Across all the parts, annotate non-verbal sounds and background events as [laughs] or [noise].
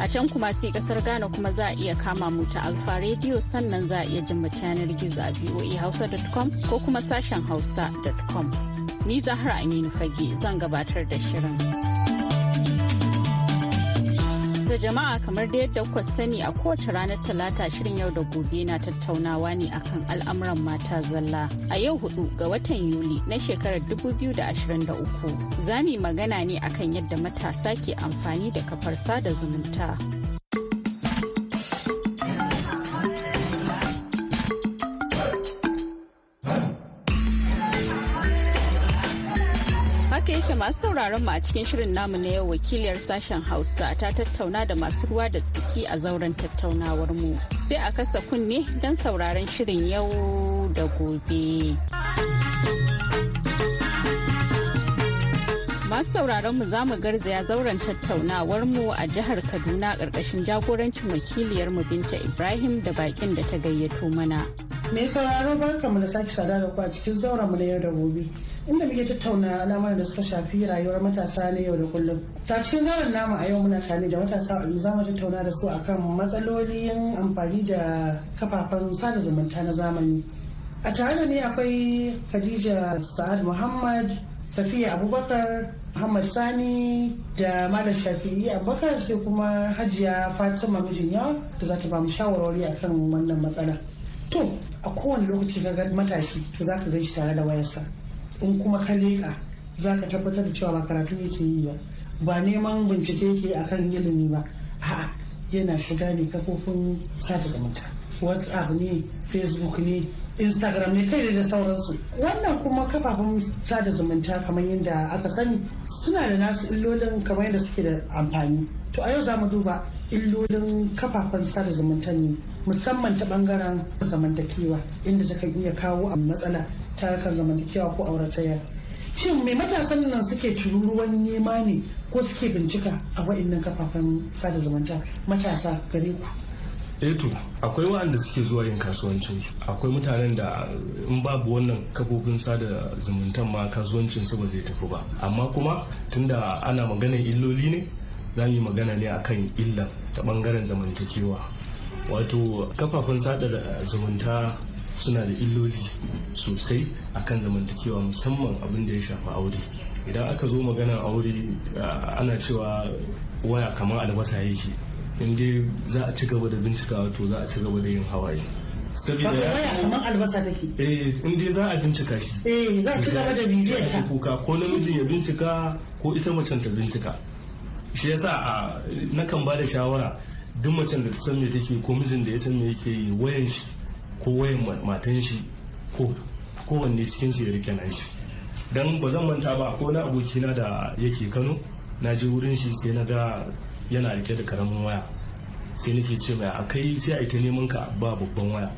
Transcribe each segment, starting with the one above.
A can kuma sai kasar Ghana kuma za a iya kama mu ta Alfa Radio sannan za a iya jin yanar gizo a voahausa.com ko kuma sashen hausa.com. Ni Zahra Aminu Fage zan gabatar da shirin. To jama'a kamar da yadda kuka sani a kowace ranar talata shirin yau da gobe na tattaunawa ne akan al'amuran mata zalla. A yau hudu ga watan Yuli na shekarar 2023 za mu magana ne akan yadda matasa ke amfani da kafar sada zumunta. da masu sauraron mu a cikin shirin namu na yau wakiliyar sashen Hausa ta tattauna da masu ruwa da tsaki a zauren tattaunawar mu. Sai a kasa kunne don sauraron shirin yau da gobe. masu sauraron mu zamu garzaya zauren tattaunawar mu a jihar Kaduna ƙarƙashin jagorancin wakiliyar mu Binta Ibrahim da bakin da ta gayyato mana. Mai sauraro mu da sake sada da ku a cikin zauren mu na yau da gobe. Inda muke tattauna al'amuran da suka shafi rayuwar matasa na yau da kullum. Ta cikin zauren namu a yau muna tare da matasa a za mu tattauna da su akan matsalolin amfani da kafafen sada zumunta na zamani. A tare da ni akwai Khadija Sa'ad Muhammad, Safiya Abubakar, Muhammad Sani da Malam Shafi'i Abubakar sai kuma Hajiya Fatima Mijin da za ta ba mu shawarwari akan wannan matsala. To, a kowane lokaci ga matashi to za ka shi tare da wayarsa in kuma ka leƙa za ka tabbatar da cewa ba karatu yake yi ba ba neman bincike yake a kan ilimi ba a'a yana shiga ne kafofin sata zumunta whatsapp ne facebook ne instagram ne kai da sauransu wannan kuma kafafen sada zumunta kamar yadda aka sani suna da nasu illolin kamar yadda suke da amfani to a yau za mu duba illolin kafafen sada zumunta ne musamman ta bangaren zamantakewa inda ta kan iya kawo a matsala ta kan zamantakewa ko auratayya shin me matasan nan suke tururuwan nema ne ko suke bincika a wa'annan kafafen sada zumunta matasa gare ku eto eh akwai waɗanda suke zuwa yin kasuwancin su akwai mutanen da in babu wannan kafofin sada zumunta ma kasuwancin su ba zai tafi ba amma kuma tunda ana maganar illoli ne za mu yi magana ne akan illa ta bangaren zamantakewa wato kafafen sada zumunta suna da illoli sosai akan zamantakewa musamman abin da ya shafi aure idan aka zo magana aure ana cewa waya kamar albasa yake in dai za a ci gaba da bincikawa to za a ci gaba da yin hawaye saboda waya kamar albasa take eh in dai za a bincika shi eh za a ci gaba da bibiyar ta kuka ko namijin ya bincika ko ita macen ta bincika shi yasa a nakan ba da shawara duk macen da ta san me take ko mijin da ya san me yake yi wayan shi ko wayan matan shi ko kowanne cikin su ya rike nan shi dan ba zan manta ba ko na abokina da yake Kano na je wurin shi sai na ga yana rike da karamin waya sai nake ce mai akai sai a ita neman ka ba babban waya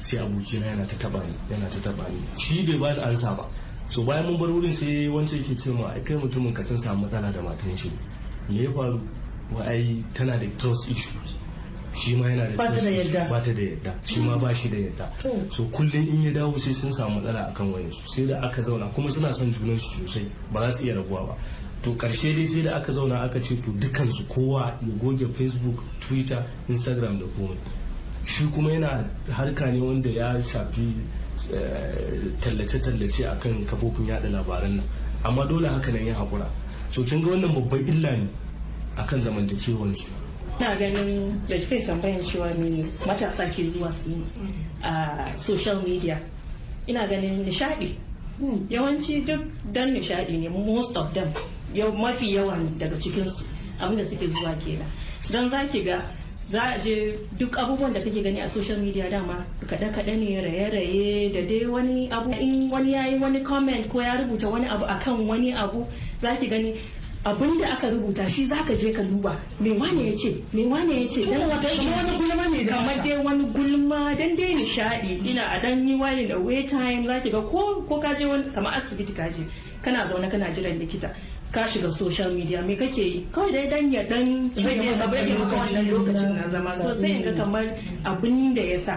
sai abokina yana ta taba ni yana ta taba ni shi bai ba da ansa ba so bayan mun bar wurin sai wancan yake ce ma kai mutumin ka san samu matsala da matan shi me ya faru wa ai tana da trust issues shi ma yana da ba ta da yadda ba ta da yadda shi ma ba shi da yadda so kullum in ya dawo sai sun samu matsala akan wayansu sai da aka zauna kuma suna son junan su sosai ba za su iya rabuwa ba to karshe dai sai da aka zauna aka ce to dukansu kowa ya goge facebook twitter instagram da komai shi kuma yana harka ne wanda ya shafi eh, tallace-tallace a kan kafofin yada labaran nan amma dole haka nan ya haƙura so kin ga wannan babban illa ne a kan zamantakewansu na ganin da kai tambayan cewa ne matasa ke zuwa su a social media ina ganin nishadi hmm. yawanci duk dan nishadi ne most of them yau mafi yawan daga cikinsu abinda suke zuwa kenan don za ki ga za a je duk abubuwan da kake gani a social media dama kaɗe-kaɗe ne raye-raye da dai wani abu in wani ya yi wani comment ko ya rubuta wani abu akan wani abu za ki gani abin da aka rubuta shi za ka je ka duba me wane ya ce me wane ya ce dan wata wani gulma ne da kamar dai wani gulma dan dai nishadi ina a dan yi wani da way time za ki ga ko ko ka je wani kamar asibiti ka je kana zaune kana jiran likita ka shiga social media me kake yi kawai dai dan ya dan rage wannan lokacin na zama so sai ga kamar abin da ya sa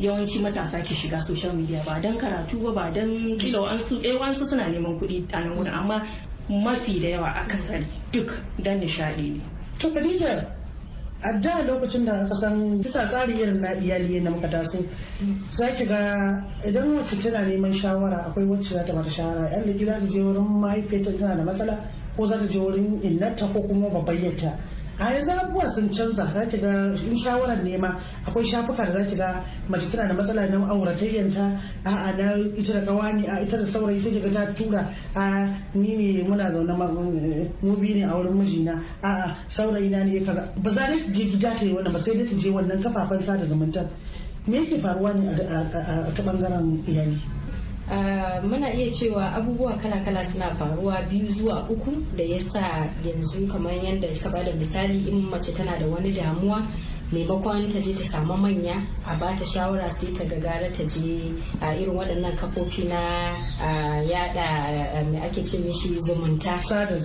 yawanci matasa ke shiga social media ba dan karatu ba ba dan kila wa'ansu eh wa'ansu suna neman kuɗi a nan amma mafi da yawa a akasari duk dan nishaɗi ne to Khadija a da lokacin da aka san bisa tsari irin na iyali na muka taso za ki ga idan wacce tana neman shawara akwai wacce za ta mata shawara yan da gida da je wurin mahaifiyarta tana da matsala ko za ta je wurin inanta ko kuma babbayyarta a yanzu abubuwa sun canza za ki ga in shawarar nema akwai shafuka da za ki ga mace tana da matsala na auratayyanta a a na ita da kawani a ita da saurayi sai ga ta tura a ni ne muna zaune mu biyu ne a wurin mijina a a saurayi na ne ya kaza ba za ta je gida ta yi wannan ba sai dai ta je wannan kafafen sada zumunta me yake faruwa ne a ta bangaren iyali Eh, muna iya cewa abubuwa kala-kala suna faruwa biyu zuwa uku da ya sa yanzu kamar yadda ka bada misali in mace tana da wani damuwa maimakon ta je ta samu manya a ba ta shawara sai ta gagara ta je a irin waɗannan kafofi na yada mai ake ce mishi zumunta sada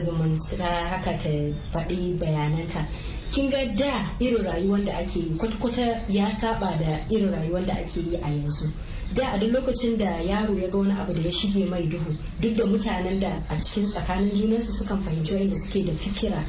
zumunta haka ta faɗi bayananta kin ga da irin rayuwar da ake yi kwata ya saba da irin rayuwar da ake yi a yanzu da a duk lokacin da yaro ya ga wani abu da ya shige mai duhu duk da mutanen da a cikin tsakanin junansu sukan fahimci wanda suke da fikira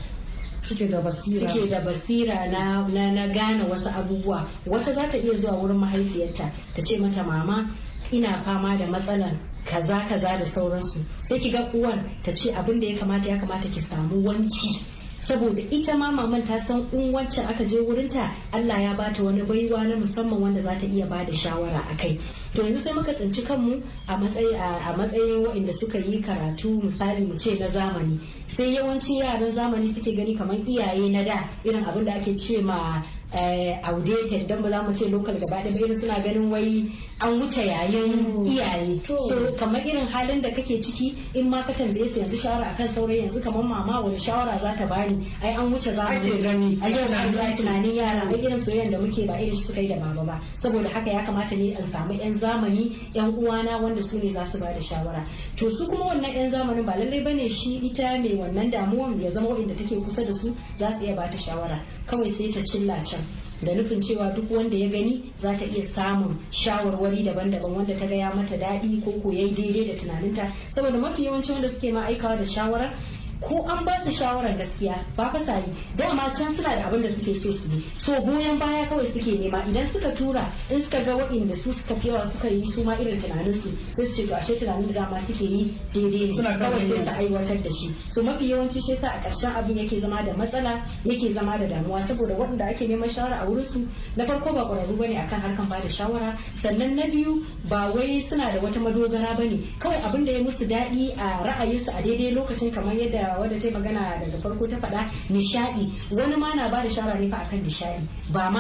suke da basira suke da basira na na, gane wasu abubuwa wata za ta iya zuwa wurin mahaifiyarta ta ce mata mama ina fama da matsalar kaza kaza da sauransu sai ki ga uwar ta ce abin da ya kamata ya kamata ki samu wanci saboda ita ma maman ta san in wacce aka je wurinta Allah ya bata wani baiwa na musamman wanda za ta iya bada shawara a kai to yanzu sai muka tsinci kanmu a matsayi a matsayin waɗanda suka yi karatu misali mu ce na zamani sai yawancin yaran zamani suke gani kamar iyaye na da irin abin da ake ce ma outdated don ba za mu ce local gaba da irin suna ganin wai an wuce yayin mm. iyaye so kamar irin halin da kake ciki in ma ka tambaye su yanzu shawara akan saurayi yanzu kamar mama wani shawara za ta bani ai an wuce za mu gani a yau na ga tunanin yara ba irin soyayya da muke ba irin suka yi da mama ba saboda haka ya kamata ne an samu yan zamani yan uwana wanda su ne za su ba da shawara to su kuma wannan yan zamanin ba lallai bane shi ita mai wannan damuwan ya zama wanda take kusa da su za su iya ba ta shawara kawai sai ta cilla can da nufin cewa duk wanda ya gani za ta iya samun shawarwari daban-daban wanda ta gaya mata daɗi ko koyai daidai da tunaninta saboda mafi yawanci wanda suke ma'aikawa da shawarar ko an ba su shawarar gaskiya ba fa sai dama can suna da abin da suke so su yi so goyon baya kawai suke nema idan suka tura in suka ga waɗanda su suka yawa suka yi su ma irin tunanin su sai su ce to ashe tunanin da dama suke yi daidai ne kawai sai su aiwatar da shi so mafi yawanci shi yasa a karshen abin yake zama da matsala yake zama da damuwa saboda waɗanda ake neman shawara a wurin su na farko ba ƙwararru bane akan harkan ba da shawara sannan na biyu ba wai suna da wata madogara bane kawai abin da ya musu daɗi a ra'ayinsu a daidai lokacin kamar yadda da wadda ta magana daga farko ta faɗa nishaɗi wani ma na da shawara ne fa akan nishaɗi ba ma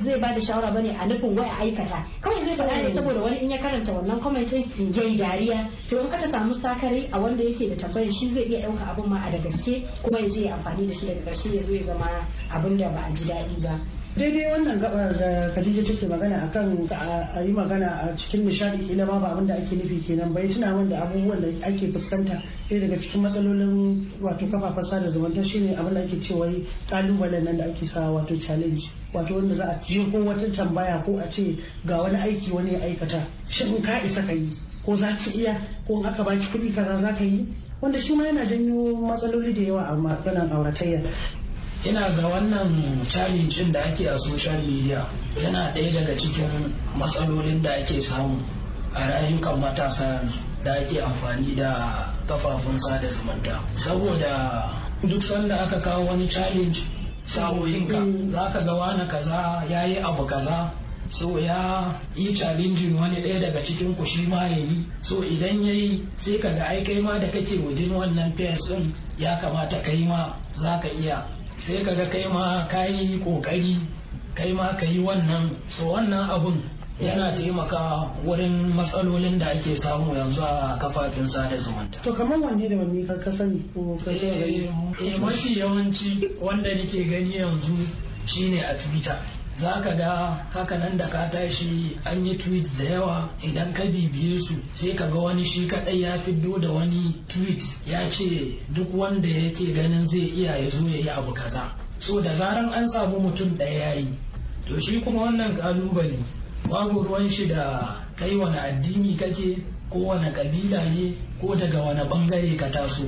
zai bada shawara bane a nufin wai a aikata kawai zai faɗa ne saboda wani in ya karanta wannan comment din yayi dariya to in aka samu sakari a wanda yake da tambayar shi zai iya ɗauka abin ma a da gaske kuma ya je ya amfani da shi daga ƙarshe ya zo ya zama abin da ba a ji daɗi ba daidai wannan gabar da Khadija take magana akan a yi magana a cikin nishadi kila ba abin da ake nufi kenan bai tuna min da abubuwan da ake fuskanta ɗaya daga cikin matsalolin wato kafafen sada zumunta shine abin da ake cewa kalubalen nan da ake sa wato challenge wato wanda za a ko wata tambaya ko a ce ga wani aiki wani ya aikata shin ka isa ka yi ko za ki iya ko in aka baki kuɗi kaza za ka yi wanda shi ma yana janyo matsaloli da yawa a maganar auratayya ina ga wannan challenge da ake a social media yana ɗaya daga cikin matsalolin da ake samu a rayukan matasa da ake amfani da kafafun sada zumunta saboda duk sanda aka kawo wani challenge sa'o'inka mm. za ka ga wani kaza ya yi abu kaza so ya yi challenge wani ɗaya daga cikin ku shi ma ya yi so idan ya yi sai ka ga aikai ma da kake wajen wannan fiyas ya kamata kai ma za ka iya sai ka ga kai ma ka yi kokari kai ma ka yi wannan so wannan abun yana taimaka wurin matsalolin da ake samu yanzu a kafafen sada zumunta. To kamar wanne da wanne ka sani ko eh, eh, mafi yawanci wanda nake gani yanzu shine a Twitter. za ka ga hakanan da ka tashi an yi tweets da yawa idan ka bibiye su sai ka ga wani shi kadai ya fiddo da wani tweet ya ce duk wanda yake ganin zai iya ya zo ya yi abu kaza so da zaran an samu mutum ɗaya yi, to shi kuma wannan kalubale babu ruwan shi da kai wani addini kake ko wani kabila ne ko daga wani bangare ka taso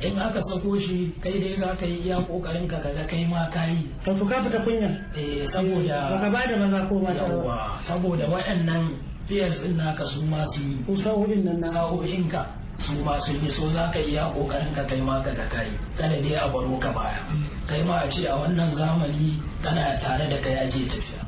in aka sako shi kai dai za ka yi iya kokarin ka kaga kai ma ka yi ka fuka su ta kunya eh saboda ka ba da maza ko mata yawa saboda waɗannan fiyas din naka su ma su yi ko sa'o'in nan sa'o'in ka su ma sun yi so za ka yi iya kokarin ka kai ma ka ga kai kada dai a baro ka baya mm. kai ma a ce a wannan zamani kana tare da kai ake tafiya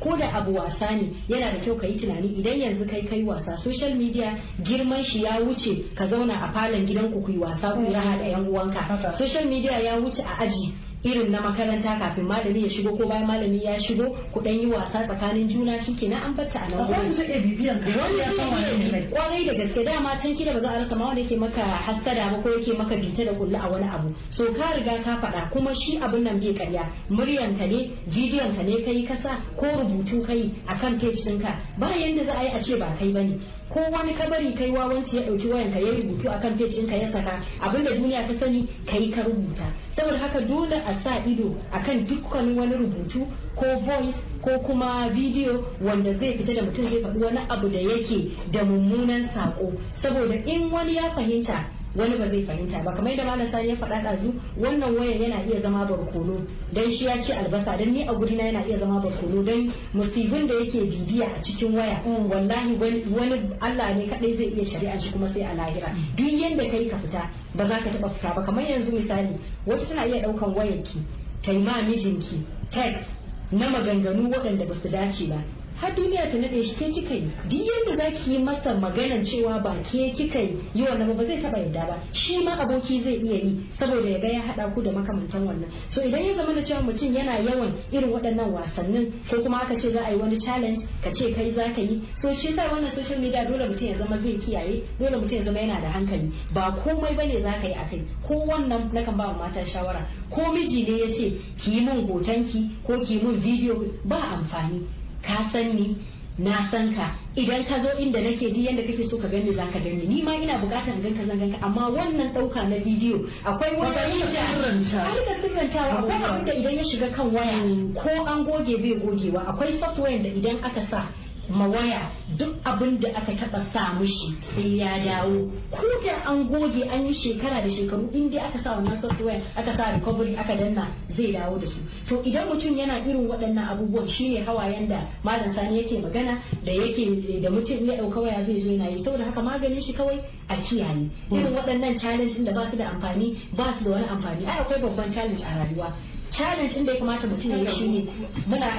ko da abu wasa ne yana da kyau ka yi tunani idan yanzu kai kai wasa social media girman shi ya wuce ka zauna a falon gidanku ku yi wasa ku yi raha yan uwanka social media ya wuce a aji irin na makaranta kafin malami ya shigo ko bayan malami ya shigo ku dan yi wasa tsakanin juna shike na an batta a nan gurin zai bibiyan ka wani kwarai da gaske dama can kida ba za a rasa ma wanda yake maka hassada ba ko yake maka bita da kullu a wani abu so ka riga ka faɗa kuma shi abun nan bai karya muryan ka ne bidiyon ka ne kai kasa ko rubutu kai akan page ɗinka ba yanda za a yi a ce ba kai bane ko wani kabari kai wawanci ya ɗauki wayan ka ya rubutu akan page ka ya saka abinda duniya ta sani kai ka rubuta saboda haka dole a sa ido akan dukkan wani rubutu ko voice ko kuma video wanda zai fita da mutum zai faɗi wani abu da yake da mummunan saƙo saboda in wani ya fahimta wani ba zai fahimta ba kamar yadda malam sani ya faɗa ɗazu wannan wayan yana iya zama barkono dan shi ya ce albasa dan ni a na yana iya zama barkono dan musibin da yake bibiya a cikin waya wallahi wani Allah ne kadai zai iya shari'a shi kuma sai a lahira duk yanda kai ka fita ba za ka taɓa fita ba kamar yanzu misali wasu suna iya ɗaukan wayarki taima mijinki text na maganganu waɗanda ba su dace ba har duniya ta nade shi ke kika yi duk yadda zaki yi masa maganan cewa ba ke kika yi yi wannan ba zai taba yadda ba shi ma aboki zai iya yi saboda ya ga ya hada ku da makamantan wannan so idan ya zama da cewa mutum yana yawan irin waɗannan wasannin ko kuma aka ce za a yi wani challenge ka ce kai za ka yi so shi yasa wannan social media dole mutum ya zama zai kiyaye dole mutum ya zama yana da hankali ba komai bane za ka yi a kai ko wannan na kan ba mata shawara ko miji ne ya ce ki yi min hotonki ko ki yi min video ba amfani ka san ni na san ka idan ka zo inda nake di yanda kake so ka gani za ka gani ni ma ina bukatar gan ka zan ka. amma wannan dauka na bidiyo akwai wata sirranta da sirranta akwai abinda idan ya shiga kan waya ko an goge bai gogewa akwai software da idan aka sa mawaya duk abin da aka taba sa mushi sai ya dawo ko da an goge an yi shekara da shekaru in dai aka sa wannan software aka sa recovery aka danna zai dawo da su to idan mutum yana irin waɗannan abubuwan shine hawayen da malam sani yake magana da yake da mutum ya ɗauka waya zai zo yana yi saboda haka maganin shi kawai a kiyaye irin waɗannan challenge da ba su da amfani ba su da wani amfani ai akwai babban challenge a rayuwa challenge inda ya kamata mutum ya yi shi ne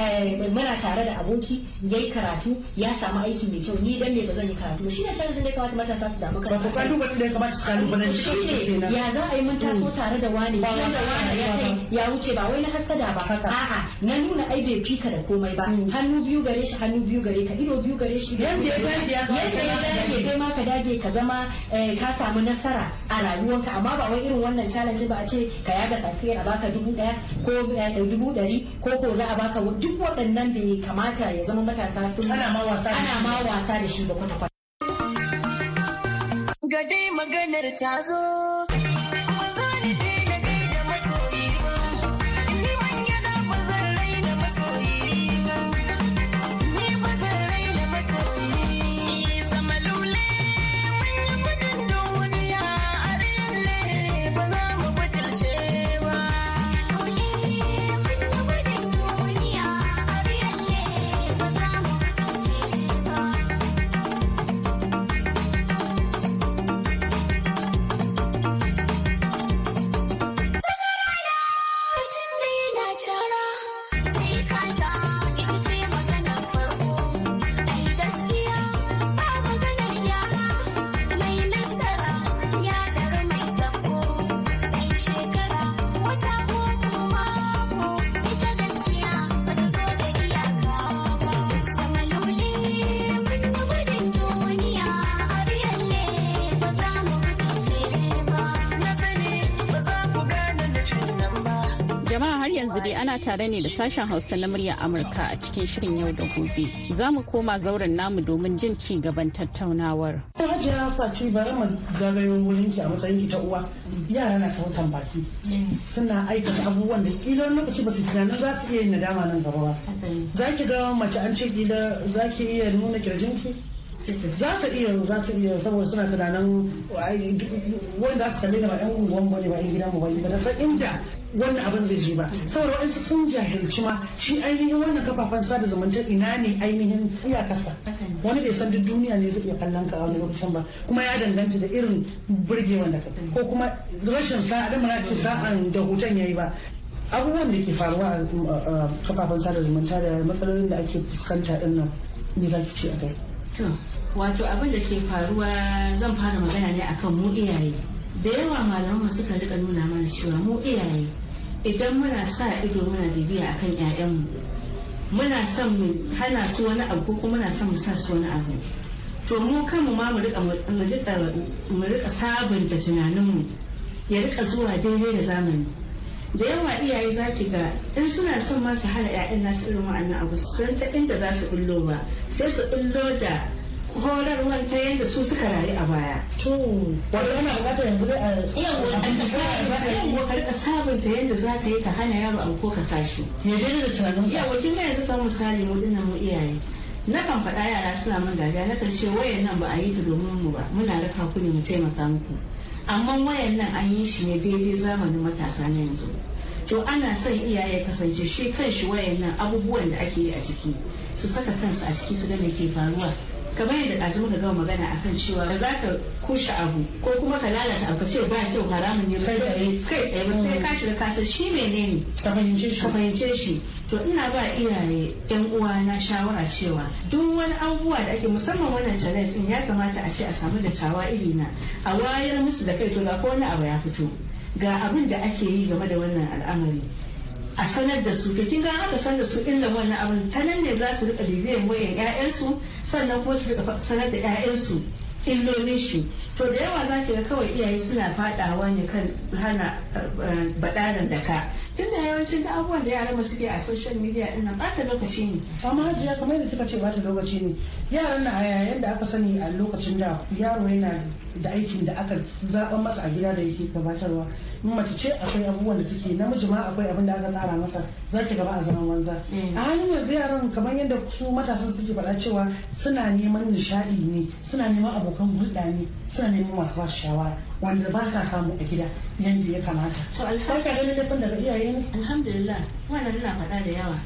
eh, muna tare da aboki ya yi karatu ya samu aiki mai kyau ni dan ne ba zan yi karatu ba shi ne challenge inda ya kamata matasa su damu kansu ba kalubale da ya kamata su zan shi ne ya za a yi mun taso mm. tare da wani shi da ya kai ya wuce ba wai na da ba a'a na nuna ai bai fika da komai ba mm. hannu biyu gare shi hannu biyu gare ka ido biyu gare shi yanda ya dage ya dage kai ma ka dage ka zama eh, ka samu nasara a rayuwarka amma ba wai irin wannan challenge ba a ce ka yaga safiya a baka dubu daya ko eh, dubu ɗari ko ko za a baka duk waɗannan bai kamata ya zama matasa sun ana ma wasa da shi ba kwata-kwata. Gade maganar ta zo. kana tare ne da sashen Hausa na murya Amurka a cikin shirin yau da gobe. Za mu koma zauren namu domin jin ci gaban tattaunawar. hajji eh, ya Hajiya ba bari mu zagayo wurin ki a matsayin ki ta uwa. Yara na sautan baki. Suna aikata abubuwan da kila lokaci ba su tunanin za su iya yin nadama nan gaba ba. Za ki ga mace an ce kila za ki iya nuna ki. za ta iya za ta iya saboda suna tunanin wanda su kalle da yan unguwan ba ne ba yan gidan mu ba ne ba san inda wannan abin zai je ba saboda waɗansu sun jahilci ma shi ainihin wannan kafafen sada zumunta ina ne ainihin iyakarsa wani bai san duk duniya ne zai iya kallon ka wani lokacin ba kuma ya danganta da irin burgewan da ko kuma rashin sa'a da mana ce sa'an da hoton yayi ba abubuwan da ke faruwa a kafafen sada zumunta da matsalolin da ake fuskanta din nan me za ki ce a kai wato abin da ke faruwa zan fara magana ne akan mu iyaye da yawa malaman suka rika nuna mana cewa mu iyaye idan muna sa ido muna bibiya akan 'ya'yanmu muna son mu hana su wani abu ko muna son mu sa su wani abu to mu kanmu ma mu rika mu rika sabunta tunaninmu ya rika zuwa daidai da zamani da yawa iyaye za ki ga in suna son masu hana 'ya'yan nasu irin wa'annan abu san ta inda za su bullo ba sai su bullo da horarwar ta yadda su suka rayu a baya. To, wanda yana bukatar yanzu dai a yawa ka rika sabunta yadda za ka yi ka hana yaro abu ko ka sashi. Ya je da tunanin sa. Yawa kin ga yanzu kan misali mu dinnan mu iyaye. Na kan faɗa yara suna min dariya na kan ce wayan nan ba a yi ta domin mu ba muna raka ku ne mu taimaka muku. Amma wayan nan an yi shi ne daidai zamanin matasa na yanzu. to ana son iyaye kasance shi kan shi wayan nan abubuwan da ake yi a ciki su saka kansu a ciki su ga me ke faruwa kamar yadda ɗazu ka gama magana a kan cewa ba za ka kushe abu ko kuma ka lalata abu ce ba kyau haramun ne kai tsaye kai tsaye ba sai ka shiga kasar shi menene ka fahimce shi to ina ba iyaye yan uwa na shawara cewa duk wani abubuwa da ake musamman wannan challenge din ya kamata a ce a samu da tawa iri na a wayar musu da kai to ga ko wani abu ya fito ga abin da ake yi game da wannan al'amari a sanar da su to kin ga aka sanar da su inda wannan abin ta nan ne za su rika bibiyan wayan 'ya'yansu sannan kuma su rika sanar da ƴaƴansu illolin shi to da yawa za ki kawai iyaye suna fadawa ne kan hana eh, badanan da ka tunda yawancin da abubuwan da yaran suke a social media din nan bata lokaci ne amma hajiya kamar yadda kika ce bata lokaci ne yaran na haya yadda aka sani a lokacin da yaro yana da aikin da aka zaba masa a gida da yake gabatarwa mace ce akwai abubuwan da take namiji ma akwai abin da aka tsara masa za ki gaba a zaman wanza mm. a halin yanzu yaran kamar yadda su matasan suke faɗa cewa suna neman nishaɗi ne suna neman abokan hulɗa ne suna neman masu ba shawara wanda ba sa samu a gida yadda ya kamata. To alhamdulillah. ganin nufin daga iyaye ne? Alhamdulillah. Wannan nuna faɗa da yawa.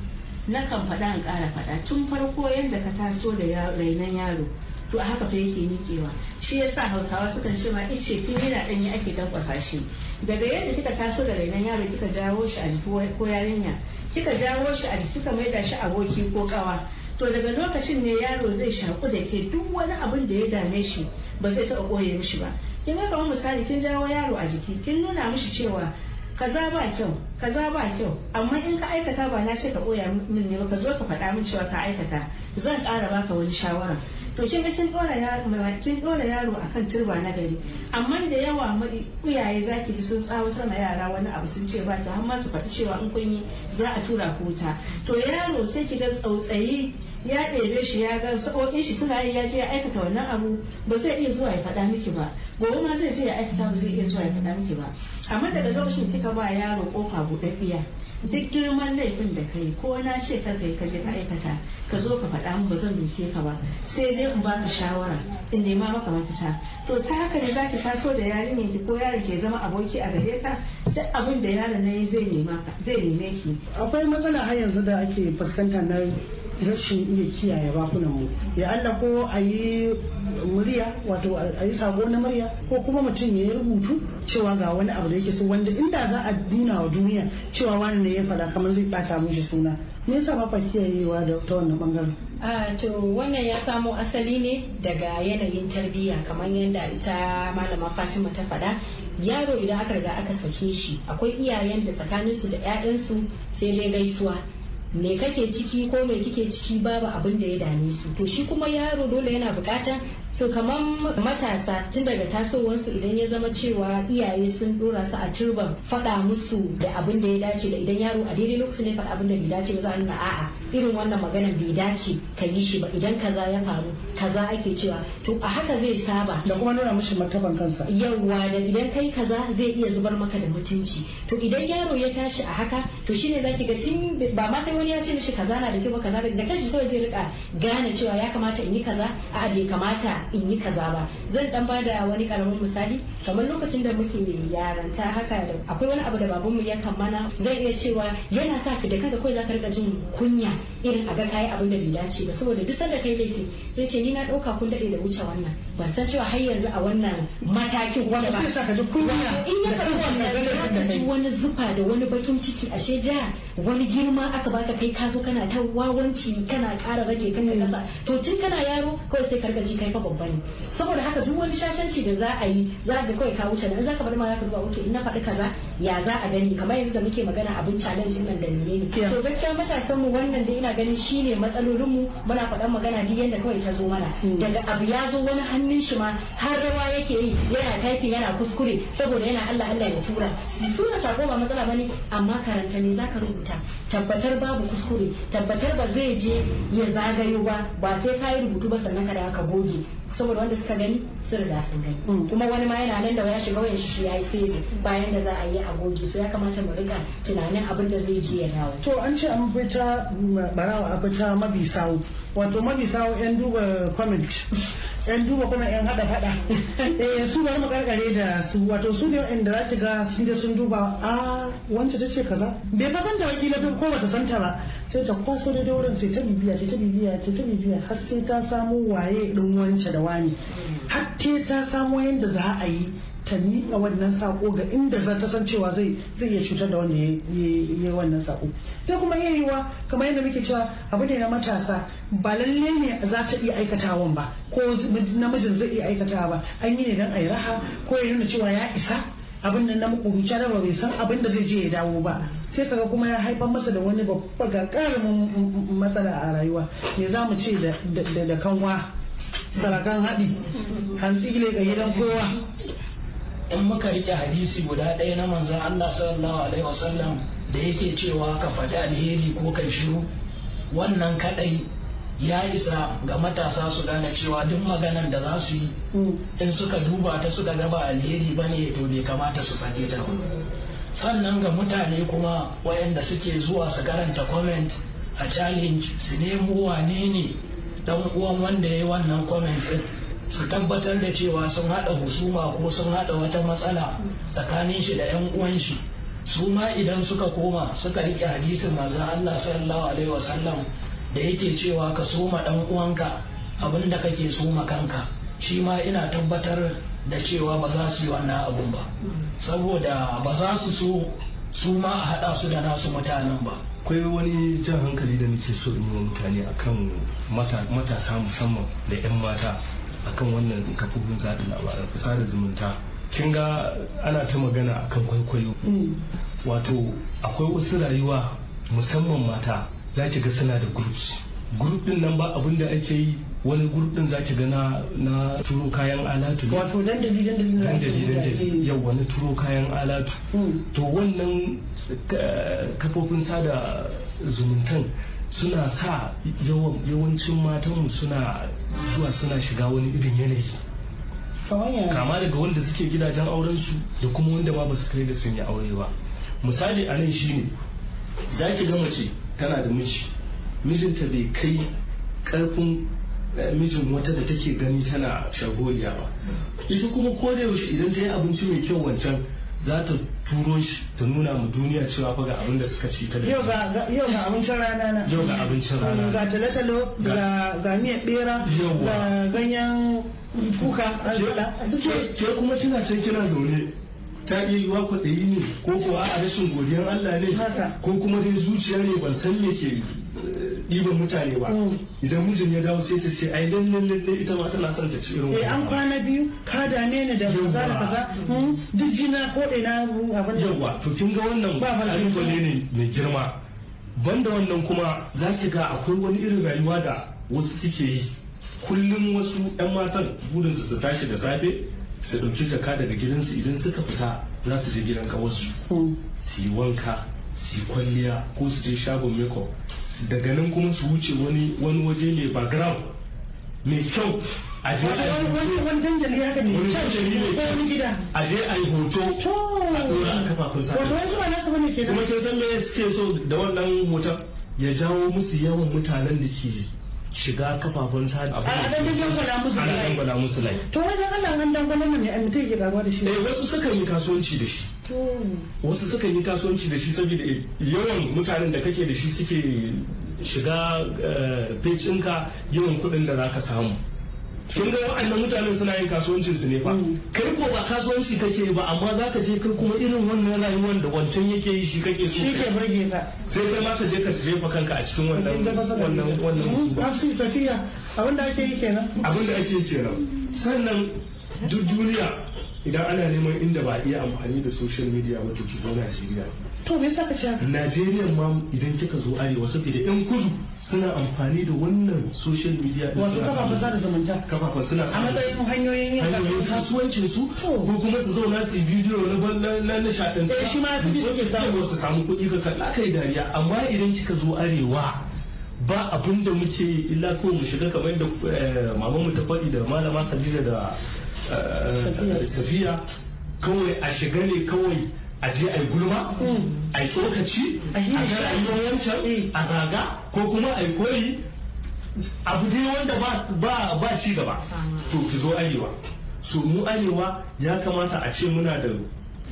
na kan faɗa in ƙara faɗa tun farko yadda ka taso da rainan yaro. To a haka fa yake miƙewa. Shi ya sa Hausawa sukan ce ma ice tun yana ɗanyi ake dankwasa shi. Daga yadda kika taso da rainan yaro kika jawo shi a jiki ko yarinya. Kika jawo shi a jiki kika maida shi aboki ko ƙawa. to daga lokacin ne yaro zai shaku da ke duk wani abin da ya dame shi ba zai taɓa koye mishi ba kin ga kamar misali kin jawo yaro a jiki kin nuna mishi cewa kaza ba kyau kaza ba kyau amma in ka aikata ba na ce ka koya min ne ba ka zo ka faɗa min cewa ka aikata zan ƙara baka wani shawara to kin ga kin dora yaro kin dora yaro akan turba na gari amma da yawa kuyaye zaki ji sun tsawatar ma yara wani abu sun ce ba to har ma su faɗi cewa in kun yi za a tura ku wuta to yaro sai ki ga tsautsayi ya ɗebe shi ya ga sa'o'in shi suna yi ya je ya aikata wannan abu ba zai iya zuwa ya faɗa miki ba gobe ma zai je ya aikata ba zai iya zuwa ya faɗa miki ba amma daga lokacin kika ba yaro kofa buɗaɗɗiya duk girman laifin da kai ko na ce kar kai ka je ka aikata ka zo ka faɗa min ba zan duke ka ba sai dai in baka shawara in nema maka mafita to ta haka ne zaki taso da yarinyar ki ko yaron ke zama aboki a gare ka duk abin da yaron nan zai nema zai neme ki akwai matsala har yanzu da ake fuskanta na rashin iya kiyaye mu ya Allah ko a yi murya wato a yi sabo na murya ko kuma mutum ya yi rubutu cewa ga wani abu da yake so wanda inda za a nuna wa duniya cewa wani ne ya faɗa kamar zai ɓata mishi suna me yasa ba kiyayewa da ta wannan bangaren to wannan ya samo asali ne daga yanayin tarbiyya kamar yadda ita malama fatima ta faɗa yaro idan aka riga aka sake shi akwai iyayen da tsakaninsu da 'ya'yansu sai dai gaisuwa me kake ciki ko me kike ciki babu abin da ya dame su to shi kuma yaro dole yana bukatan so kamar matasa tun daga tasowarsu idan ya zama cewa iyaye sun dora su a turban faɗa musu da abin da ya dace da idan yaro a daidai lokacin ne faɗa abin da bai dace ba za a nuna a'a irin wannan maganar bai dace ka yi shi ba idan kaza ya faru kaza ake cewa to a haka zai saba da kuma nuna mishi martaban kansa yawwa da idan kai kaza zai iya zubar maka da mutunci to idan yaro ya tashi a haka to shine zaki ga tun ba ma sai wani ya ce mishi kaza na da kyau kaza da kanshi kawai zai rika gane cewa ya kamata in yi kaza a'a bai kamata in yi kaza ba zan dan bada wani karamin misali kamar lokacin da muke yaranta haka da akwai wani abu da babanmu ya mana. Zai iya cewa yana sa ka da kanka kai zaka rika jin kunya irin a ga kayi abin da bai dace ba saboda duk sanda kai laifi sai ce ni na dauka kun dade da wuce wannan ban san cewa har yanzu a wannan matakin wanda ba sai ka ji kunya in ya faɗi wannan ka ji wani zufa da wani bakin ciki ashe da wani girma aka baka kai ka zo kana ta wawanci kana ƙara rage kanka kasa to tun kana yaro kawai sai ka rika ji kai fa babba saboda haka duk wani shashanci da za a yi za ka kawai ka wuce nan za ka bar ma za ka duba oke ina faɗi kaza ya za a gani kamar yanzu da muke magana abin challenge nan da ne to gaskiya matasan mu wannan da ina ganin shine matsalolin mu muna faɗan magana duk yanda kawai ta zo mana hmm. daga abu ya zo wani hannun shi ma har rawa yake yi yana taifi yana kuskure saboda yana Allah Allah ya tura tura sako ba matsala bane amma karanta ne za ka rubuta tabbatar babu kuskure tabbatar ba zai je ya zagayo ba ba sai ka yi rubutu ba sannan ka da ka goge saboda wanda suka gani sun riga sun gani mm. kuma wani ma yana nan da ya shiga wayan shi ya yi sai bayan da za a yi agogi so ya kamata mu rika tunanin abin da zai je ya dawo to an ce an fita mm, barawa a fita mabi sawo wato mabi sawo [laughs] yan duba comment yan duba kuma yan hada hada eh su bari mu karkare da su wato su ne wanda za ta ga sun je sun duba a ah, wancan ta ce kaza bai fa san ta wakila ko bata san ta ba sai ta kwaso da wurin sai ta bibiya sai ta bibiya sai ta bibiya har sai ta samu waye ɗin wance da wani har ta samu yadda za a yi ta miƙa wannan sako ga inda za ta san cewa zai zai iya cutar da wanda ya wannan sako sai kuma iya yiwa kamar yadda muke cewa abu ne na matasa ba lalle ne za ta iya aikatawan ba ko namijin zai iya aikatawa ba an yi ne don a yi raha ko ya nuna cewa ya isa abin da na makuruci ba bai san abin da zai je ya dawo ba sai kaga kuma ya haifar masa da wani babba gagarumin matsala a rayuwa me za mu ce da kanwa sarakan haɗi hansi ne ga gidan kowa in muka rike hadisi guda ɗaya na manzan Allah sallallahu alaihi wasallam da yake cewa ka faɗi alheri ko ka shiru wannan kaɗai ya isa ga matasa su gane cewa duk maganan da za su yi in suka duba ta suka ba alheri ba ne to bai kamata su faɗe ta ba sannan ga mutane kuma wayanda suke zuwa su karanta comment a challenge su nemo wane ne dan uwan wanda ya yi wannan comment din su tabbatar da cewa sun haɗa husuma ko sun haɗa wata matsala tsakanin shi da 'yan uwan shi su ma idan suka koma suka riƙe hadisin manzon Allah sallallahu alaihi wasallam da yake cewa ka soma ɗan uwanka abin da kake soma kanka shi ma ina tabbatar da cewa ba za su yi wannan abun ba saboda ba za su so su ma a haɗa su da nasu mutanen ba akwai wani jan hankali da nake so in yi wa mutane akan matasa musamman da 'yan mata akan wannan kafofin zaɗin labaran sada zumunta kin ga ana ta magana akan kwaikwayo mm. wato akwai wasu rayuwa musamman mata za ki ga suna da groups group din nan ba abin da ake yi wani group din za ki ga na na turo kayan alatu wato dandali dandali dandali yau wani turo kayan alatu hmm. to wannan kafofin sada zumuntan suna sa yawancin matanmu suna zuwa suna shiga wani irin yanayi kama daga wanda suke gidajen aurensu da kuma wanda ma ba su kai da sun yi aure ba misali a nan shine za ki ga mace tana da miji mijinta bai kai karfin eh, mijin wata da take gani tana shagoliya ba ita kuma ko da yaushe idan ta yi abinci mai kyau wancan za ta turo shi ta nuna mu duniya cewa fa ga abin da suka ci ta da yau ga abincin rana na yau ga abincin rana ga talo-talo ga ga miyar bera ga ganyen kuka ke kuma kina can kina zaune ta iya yiwa kwaɗayi ne ko kuwa a rashin godiyar Allah ne ko kuma dai zuciya ne ban san me ke eh, ɗiban mutane ba mm. idan mijin ya dawo sai ta ce ai lalle lalle ita ma tana son ta ci irin eh, wannan an kwana biyu ka ne ne da kaza da kaza mm. duk jina ko ina abin yawa to kin ga wannan kalubale ne mai girma banda wannan kuma zaki ga akwai wani irin rayuwa da wasu suke yi kullum wasu 'yan matan burinsu su tashi da safe su ɗauki jaka daga gidansu idan suka fita za su je gidan kawarsu hmm. su yi wanka su kwalliya ko su je shagon makeup daga nan kuma su wuce wani waje mai background mai kyau a je a yi a je a yi hoto a ɗora a kafafun sa kuma kin san me suke so da wannan hoton ya jawo musu yawan mutanen da ke shiga kafafen sada a dan dangwala musu lai a dangwala musu lai to wannan Allah an dangwala ne a mutum yake gaba da shi eh wasu suka yi kasuwanci da shi wasu suka yi kasuwanci da shi saboda yawan mutanen da kake da shi suke shiga page eh, yawan kuɗin da za ka samu kin ga waɗannan mutanen suna yin kasuwancin su ne ba mm. kai ko ba kasuwanci kake ba amma zaka je kai kuma irin wannan rayuwar da wancan yake yi shi kake so shi ke burge ka sai kai ma ka je ka jefa kanka a cikin wannan wannan wannan musu safiya abin da ake yi kenan abin da ake yi kenan sannan duk duniya idan ana neman inda ba iya amfani da social media ba to ki zo Najeriya to me saka ce Najeriya ma idan kika zo arewa da yan kudu suna amfani da wannan social media din wato kafafen sada Kafa kafafen suna a matsayin hanyoyin yin kasuwancin su ko kuma su zauna su yi bidiyo na na nishaɗin eh shi ma su bi su samu su samu kuɗi ka kalla kai dariya amma idan kika zo arewa ba abin da muke illa ko mu shiga kamar da eh, mamanmu ta faɗi da malama Khadija da safiya kawai a shiga ne kawai a je a yi gulma mm. a yi tsokaci a wancan eh. a zaga ko kuma a yi koyi abu dai wanda ba ci gaba to ki zo arewa so mu arewa ya kamata a ce muna da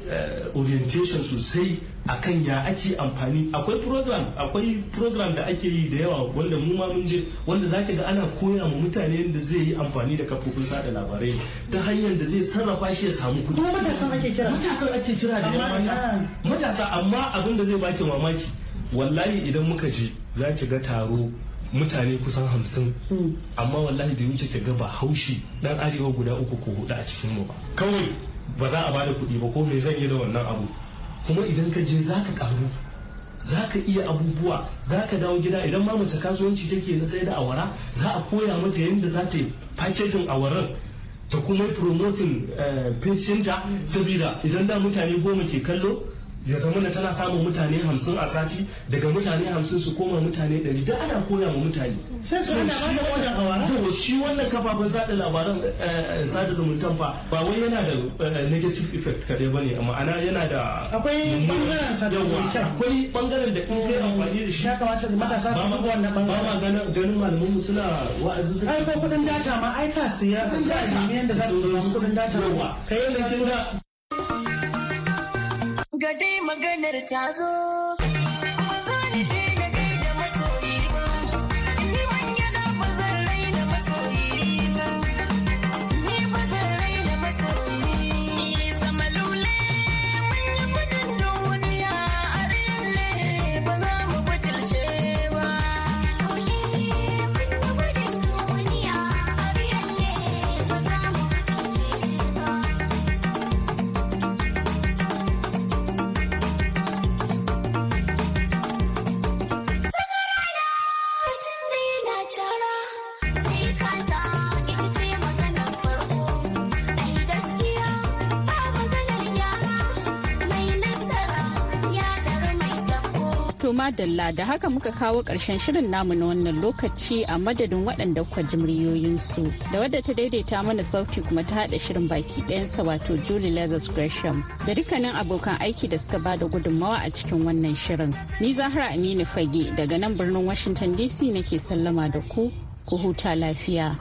Eh, orientation sosai a kan ya ake amfani akwai program akwai program da ake yi da yawa wanda mu ma mun je wanda zaki ga ana koya ma mutane da zai yi amfani da kafofin sada labarai ta hanyar da zai sarrafa shi ya samu kuɗi matasa ake kira Matasa ake kira da yawa matasa amma abin da zai baki mamaki wallahi idan muka je za ki ga taro mutane kusan hamsin hmm. amma wallahi bai wuce ki ga ba haushi dan arewa guda uku ko hudu a cikin mu ba kawai ba za a ba da kuɗi ba ko me zan yi da wannan abu kuma idan ka je za ka ƙaru za ka iya abubuwa za ka dawo gida idan ma mace kasuwanci take na sai da awara za a koya mata yadda za ta yi fakejin awaran ta kuma yi promoting pincinta eh, saboda idan da mutane goma ke kallo ya zama da tana samun mutane hamsin a sati daga mutane hamsin su koma mutane ɗari da ana koya ma mutane shi wannan kafafen sada labaran eh, sada zumuntan fa ba wai yana da eh, negative effect kadai ba ne ma'ana yana da akwai bangaren sa akwai ɓangaren da in kai amfani da shi ya kamata da matasa su duba wannan ɓangaren. ba ma ganin ganin malaman suna wa'azi su ai ko kudin data ma ai ka siya ka nemi yanda za su samu kudin data ka yi lakin ga maganar ta zo. To dalla da haka muka kawo karshen shirin namu na wannan lokaci a madadin waɗanda kwa jimriyoyinsu da wadda ta daidaita mana sauki kuma ta haɗa shirin baki ɗayansa wato Julie Leathers Gresham da dukkanin abokan aiki da suka bada gudunmawa a cikin wannan shirin. Ni Zahra Aminu Fage daga nan birnin Washington DC nake sallama da ku ku huta lafiya.